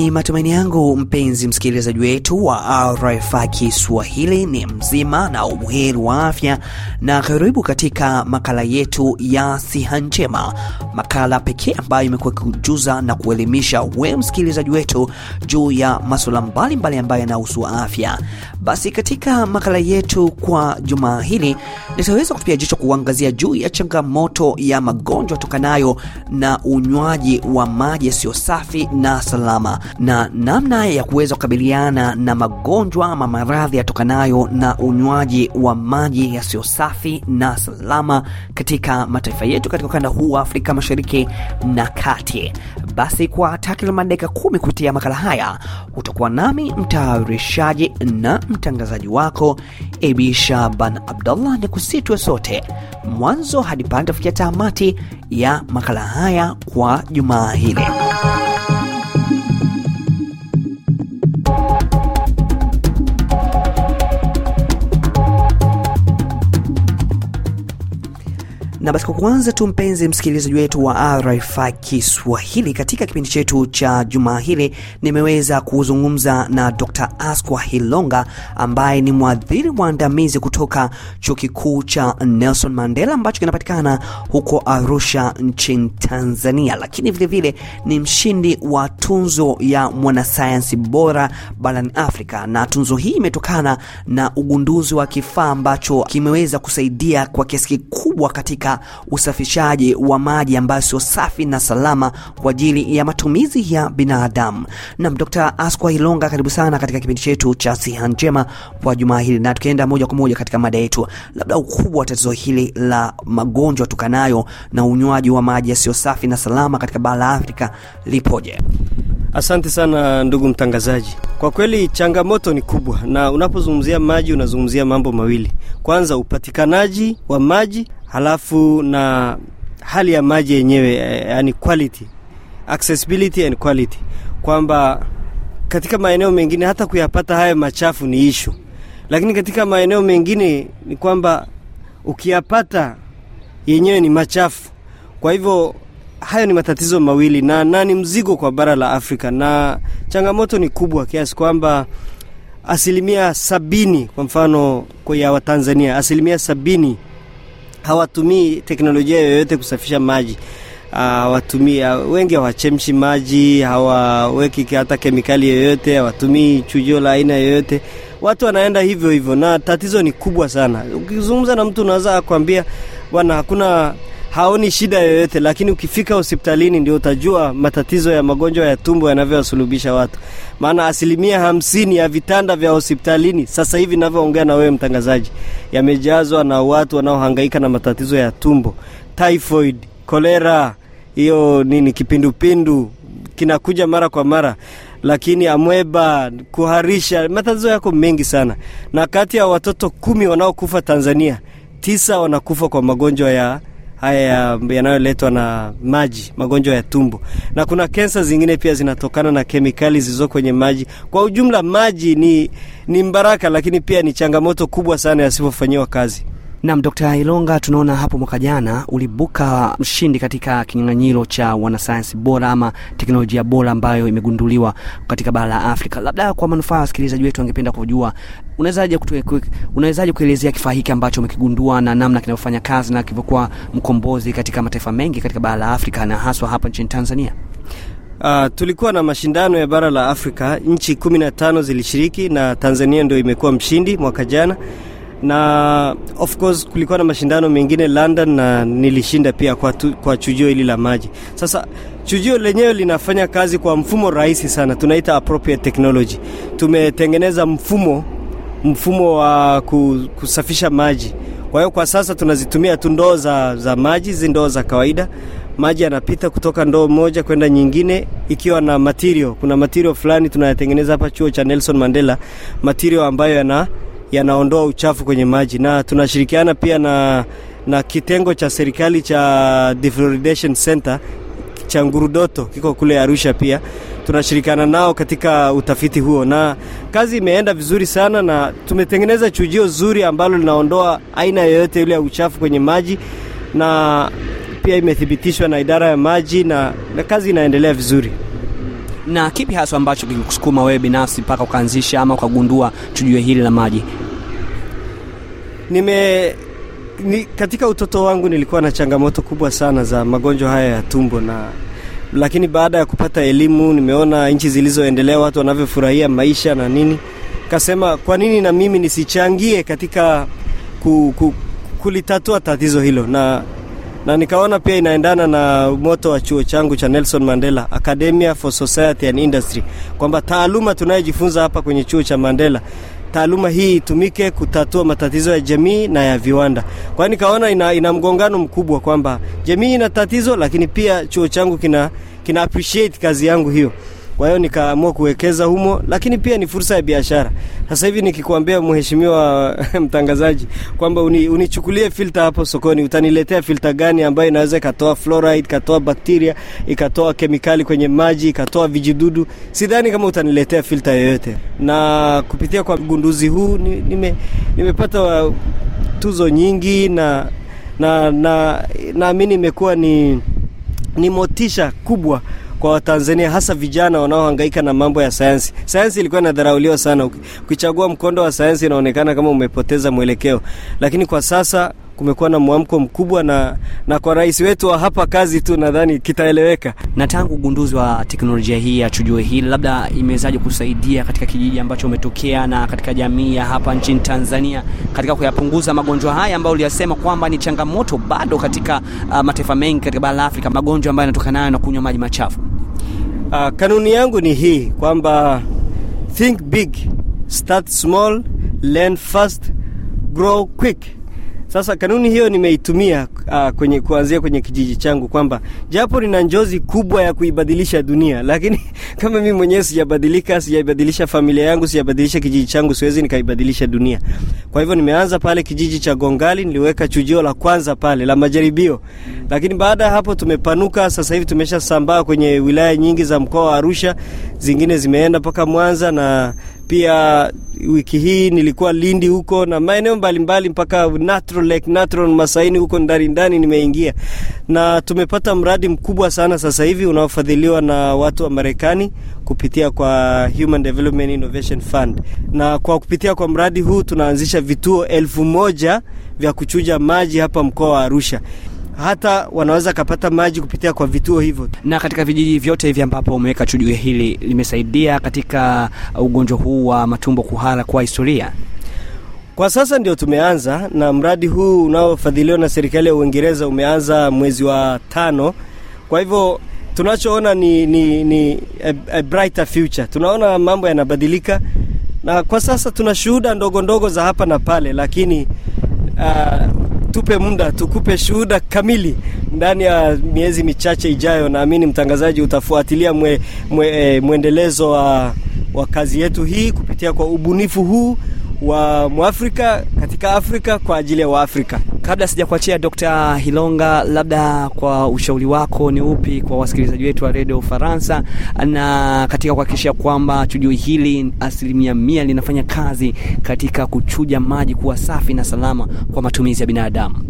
Ni matumaini yangu mpenzi msikilizaji wetu wa rfa Kiswahili ni mzima na umuheri wa afya, na karibu katika makala yetu ya siha njema, makala pekee ambayo imekuwa ikijuza na kuelimisha we msikilizaji wetu juu ya masuala mbalimbali ambayo yanahusu afya. Basi katika makala yetu kwa jumaa hili nitaweza kutupia jicho kuangazia juu ya changamoto ya magonjwa tokanayo na unywaji wa maji yasiyo safi na salama na namna ya kuweza kukabiliana na magonjwa ama maradhi yatokanayo na unywaji wa maji yasiyo safi na salama katika mataifa yetu katika ukanda huu wa Afrika Mashariki na Kati. Basi kwa takriban dakika kumi kupitia makala haya utakuwa nami mtayarishaji na mtangazaji wako ebisha ban abdullah ni kusitwe sote mwanzo hadi pande tafikia tamati ya makala haya kwa jumaa hili. Na basi kwa kwanza tu, mpenzi msikilizaji wetu wa RFI Kiswahili, katika kipindi chetu cha juma hili nimeweza kuzungumza na Dr. Askwa Hilonga ambaye ni mwadhiri mwandamizi kutoka Chuo Kikuu cha Nelson Mandela ambacho kinapatikana huko Arusha nchini Tanzania, lakini vilevile vile, ni mshindi wa tunzo ya mwanasayansi bora barani Afrika, na tunzo hii imetokana na ugunduzi wa kifaa ambacho kimeweza kusaidia kwa kiasi kikubwa katika usafishaji wa maji ambayo sio safi na salama kwa ajili ya matumizi ya binadamu. Nam Dr. Askwa Ilonga, karibu sana katika kipindi chetu cha Siha Njema kwa jumaa hili, na tukienda moja kwa moja katika mada yetu, labda ukubwa wa tatizo hili la magonjwa tukanayo na unywaji wa maji yasiyo safi na salama katika bara la Afrika lipoje? Asante sana ndugu mtangazaji. Kwa kweli changamoto ni kubwa, na unapozungumzia maji unazungumzia mambo mawili. Kwanza, upatikanaji wa maji halafu na hali ya maji yenyewe, eh, yani quality, accessibility and quality, kwamba katika maeneo mengine hata kuyapata haya machafu ni ishu, lakini katika maeneo mengine ni kwamba ukiyapata yenyewe ni machafu. Kwa hivyo hayo ni matatizo mawili na, na ni mzigo kwa bara la Afrika, na changamoto ni kubwa kiasi kwamba asilimia sabini kwa mfano kwa ya Watanzania asilimia sabini hawatumii teknolojia yoyote kusafisha maji ah, hawatumii ah, wengi hawachemshi maji, hawaweki hata kemikali yoyote, hawatumii chujio la aina yoyote. Watu wanaenda hivyo hivyo, na tatizo ni kubwa sana. Ukizungumza na mtu unaweza kuambia bwana, hakuna haoni shida yoyote, lakini ukifika hospitalini ndio utajua matatizo ya magonjwa ya tumbo yanavyowasulubisha watu, maana asilimia hamsini ya vitanda vya hospitalini sasa hivi navyoongea na wewe mtangazaji, yamejazwa na watu wanaohangaika na matatizo ya tumbo, typhoid, kolera, hiyo nini, kipindupindu kinakuja mara kwa mara lakini amweba, kuharisha, matatizo yako mengi sana. Na kati ya watoto kumi wanaokufa Tanzania, tisa wanakufa kwa magonjwa ya haya yanayoletwa na maji, magonjwa ya tumbo, na kuna kensa zingine pia zinatokana na kemikali zilizo kwenye maji. Kwa ujumla, maji ni, ni mbaraka, lakini pia ni changamoto kubwa sana yasivyofanyiwa kazi. Nam Dr. Ilonga, tunaona hapo mwaka jana ulibuka mshindi katika kinyang'anyiro cha wanasayansi bora ama teknolojia bora ambayo imegunduliwa katika bara la Afrika. Labda kwa manufaa ya wasikilizaji wetu, wangependa kujua unawezaje unawezaje kuelezea kifaa hiki ambacho umekigundua na namna kinavyofanya kazi na kilivyokuwa mkombozi katika mataifa mengi katika bara la Afrika na haswa hapa nchini Tanzania? Uh, tulikuwa na mashindano ya bara la Afrika, nchi kumi na tano zilishiriki na Tanzania ndio imekuwa mshindi mwaka jana na of course kulikuwa na mashindano mengine London na nilishinda pia kwa, tu, kwa chujio hili la maji. Sasa chujio lenyewe linafanya kazi kwa mfumo rahisi sana, tunaita appropriate technology. Tumetengeneza mfumo mfumo wa kusafisha maji. Kwa hiyo kwa sasa tunazitumia tu ndoo za, za maji, zi ndoo za kawaida. Maji yanapita kutoka ndoo moja kwenda nyingine, ikiwa na material. Kuna material fulani tunayatengeneza hapa chuo cha Nelson Mandela, material ambayo yana yanaondoa uchafu kwenye maji, na tunashirikiana pia na, na kitengo cha serikali cha Defloridation Center cha Ngurudoto kiko kule Arusha pia tunashirikiana nao katika utafiti huo, na kazi imeenda vizuri sana, na tumetengeneza chujio zuri ambalo linaondoa aina yoyote ile ya uchafu kwenye maji, na pia imethibitishwa na idara ya maji na, na kazi inaendelea vizuri. Na kipi hasa ambacho kilikusukuma wewe binafsi mpaka ukaanzisha ama ukagundua tujue hili la maji? Nime ni, katika utoto wangu nilikuwa na changamoto kubwa sana za magonjwa haya ya tumbo na lakini baada ya kupata elimu nimeona nchi zilizoendelea watu wanavyofurahia maisha na nini, kasema kwa nini na mimi nisichangie katika ku, ku, kulitatua tatizo hilo na na nikaona pia inaendana na moto wa chuo changu cha Nelson Mandela Academia for Society and Industry, kwamba taaluma tunayojifunza hapa kwenye chuo cha Mandela taaluma hii itumike kutatua matatizo ya jamii na ya viwanda. Kwa hiyo nikaona ina, ina mgongano mkubwa kwamba jamii ina tatizo, lakini pia chuo changu kina, kina appreciate kazi yangu hiyo. Kwa hiyo nikaamua kuwekeza humo, lakini pia ni fursa ya biashara. Sasa hivi nikikwambia mheshimiwa mtangazaji kwamba uni, unichukulie filter hapo sokoni, utaniletea filter gani ambayo inaweza ikatoa fluoride, ikatoa bakteria, ikatoa kemikali kwenye maji, ikatoa vijidudu? Sidhani kama utaniletea filter yoyote. Na kupitia kwa gunduzi huu nime, nimepata tuzo nyingi na na naamini na, na imekuwa ni ni motisha kubwa kwa Watanzania, hasa vijana wanaohangaika na mambo ya sayansi. Sayansi ilikuwa inadharauliwa sana, ukichagua mkondo wa sayansi inaonekana kama umepoteza mwelekeo, lakini kwa sasa kumekuwa na mwamko mkubwa na, na kwa rais wetu wa hapa kazi tu nadhani kitaeleweka. Na tangu ugunduzi wa teknolojia hii ya chujue hili, labda imewezaje kusaidia katika kijiji ambacho umetokea na katika jamii ya hapa nchini Tanzania katika kuyapunguza magonjwa haya ambayo uliyasema kwamba ni changamoto bado katika uh, mataifa mengi katika bara la Afrika, magonjwa ambayo yanatokana nayo na kunywa maji machafu? Uh, kanuni yangu ni hii kwamba think big, start small, learn fast, grow quick. Sasa kanuni hiyo nimeitumia uh, kwenye kuanzia kwenye kijiji changu kwamba japo nina njozi kubwa ya kuibadilisha dunia, lakini kama mimi mwenyewe sijabadilika, sijaibadilisha familia yangu, sijabadilisha kijiji changu, siwezi nikaibadilisha dunia. Kwa hivyo nimeanza pale kijiji cha Gongali, niliweka chujio la kwanza pale la majaribio, lakini baada ya hapo tumepanuka. Sasa hivi tumeshasambaa kwenye wilaya nyingi za mkoa wa Arusha, zingine zimeenda mpaka Mwanza na pia wiki hii nilikuwa Lindi huko na maeneo mbalimbali mpaka Natural Lake, Natural Masaini huko ndani ndani nimeingia, na tumepata mradi mkubwa sana sasa hivi unaofadhiliwa na watu wa Marekani kupitia kwa Human Development Innovation Fund, na kwa kupitia kwa mradi huu tunaanzisha vituo elfu moja vya kuchuja maji hapa mkoa wa Arusha hata wanaweza kapata maji kupitia kwa vituo hivyo. Na katika vijiji vyote hivi ambapo umeweka chujo hili limesaidia katika ugonjwa huu wa matumbo kuhara kwa historia kwa sasa ndio tumeanza na mradi huu unaofadhiliwa na serikali ya Uingereza umeanza mwezi wa tano. Kwa hivyo tunachoona ni, ni, ni a, a brighter future. Tunaona mambo yanabadilika, na kwa sasa tuna shuhuda ndogo ndogo za hapa na pale, lakini uh, tupe muda tukupe shuhuda kamili ndani ya miezi michache ijayo. Naamini mtangazaji utafuatilia mwe, mwe, e, mwendelezo wa, wa kazi yetu hii kupitia kwa ubunifu huu wa Mwafrika katika Afrika kwa ajili ya Waafrika. Kabla sijakuachia Dr. Hilonga, labda kwa ushauri wako ni upi kwa wasikilizaji wetu wa Radio ufaransa na katika kuhakikisha kwamba chujio hili asilimia mia linafanya kazi katika kuchuja maji kuwa safi na salama kwa matumizi ya binadamu?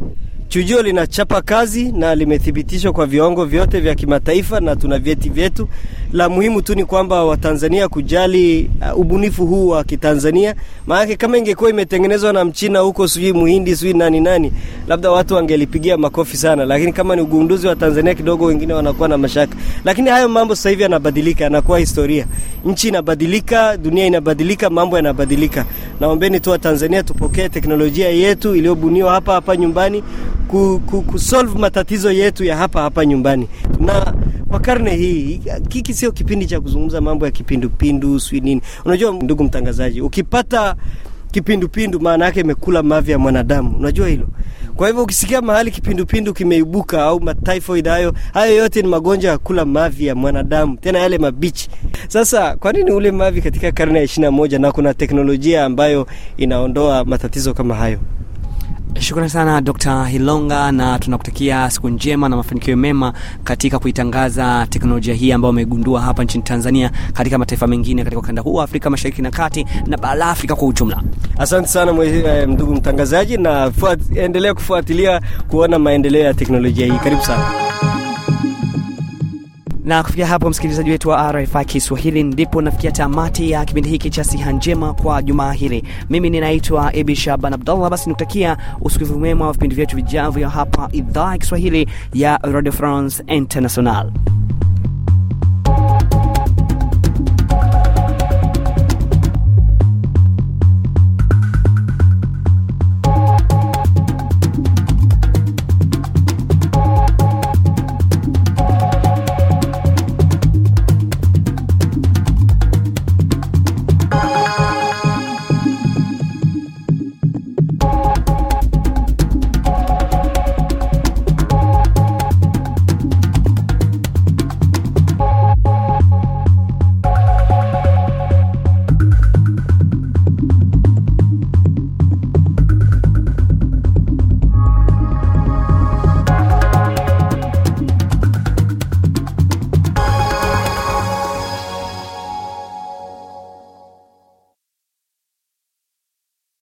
Chujio linachapa kazi na limethibitishwa kwa viwango vyote vya kimataifa na tuna vyeti vyetu. La muhimu tu ni kwamba Watanzania kujali uh, ubunifu huu wa Kitanzania, maanake kama ingekuwa imetengenezwa na Mchina huko sijui Muhindi sijui nani nani, labda watu wangelipigia makofi sana, lakini kama ni ugunduzi wa Tanzania kidogo, wengine wanakuwa na mashaka. Lakini hayo mambo sasa hivi yanabadilika, yanakuwa historia. Nchi inabadilika, dunia inabadilika, mambo yanabadilika. Naombeni tu Watanzania tupokee teknolojia yetu iliyobuniwa hapa hapa nyumbani ku, ku, kusolve matatizo yetu ya hapa hapa nyumbani na kwa karne hii kiki sio kipindi cha kuzungumza mambo ya kipindupindu swi nini. Unajua ndugu mtangazaji, ukipata kipindupindu maana yake imekula mavi ya mwanadamu, unajua hilo. Kwa hivyo ukisikia mahali kipindupindu kimeibuka au matyphoid, hayo hayo yote ni magonjwa ya kula mavi ya mwanadamu, tena yale mabichi. Sasa kwa nini ule mavi katika karne ya ishirini moja na kuna teknolojia ambayo inaondoa matatizo kama hayo? Shukrani sana Dr. Hilonga, na tunakutakia siku njema na mafanikio mema katika kuitangaza teknolojia hii ambayo wamegundua hapa nchini Tanzania, katika mataifa mengine katika ukanda huu wa Afrika Mashariki na Kati na bara Afrika kwa ujumla. Asante sana eh, ndugu mtangazaji, na endelea kufuatilia kuona maendeleo ya teknolojia hii. Karibu sana. Na kufikia hapo, msikilizaji wetu wa RFI Kiswahili, ndipo nafikia tamati ya kipindi hiki cha siha njema kwa jumaa hili. Mimi ninaitwa Abi Shaban Abdallah. Basi nikutakia usikivu mwema wa vipindi vyetu vijavyo hapa idhaa ya Kiswahili ya Radio France International.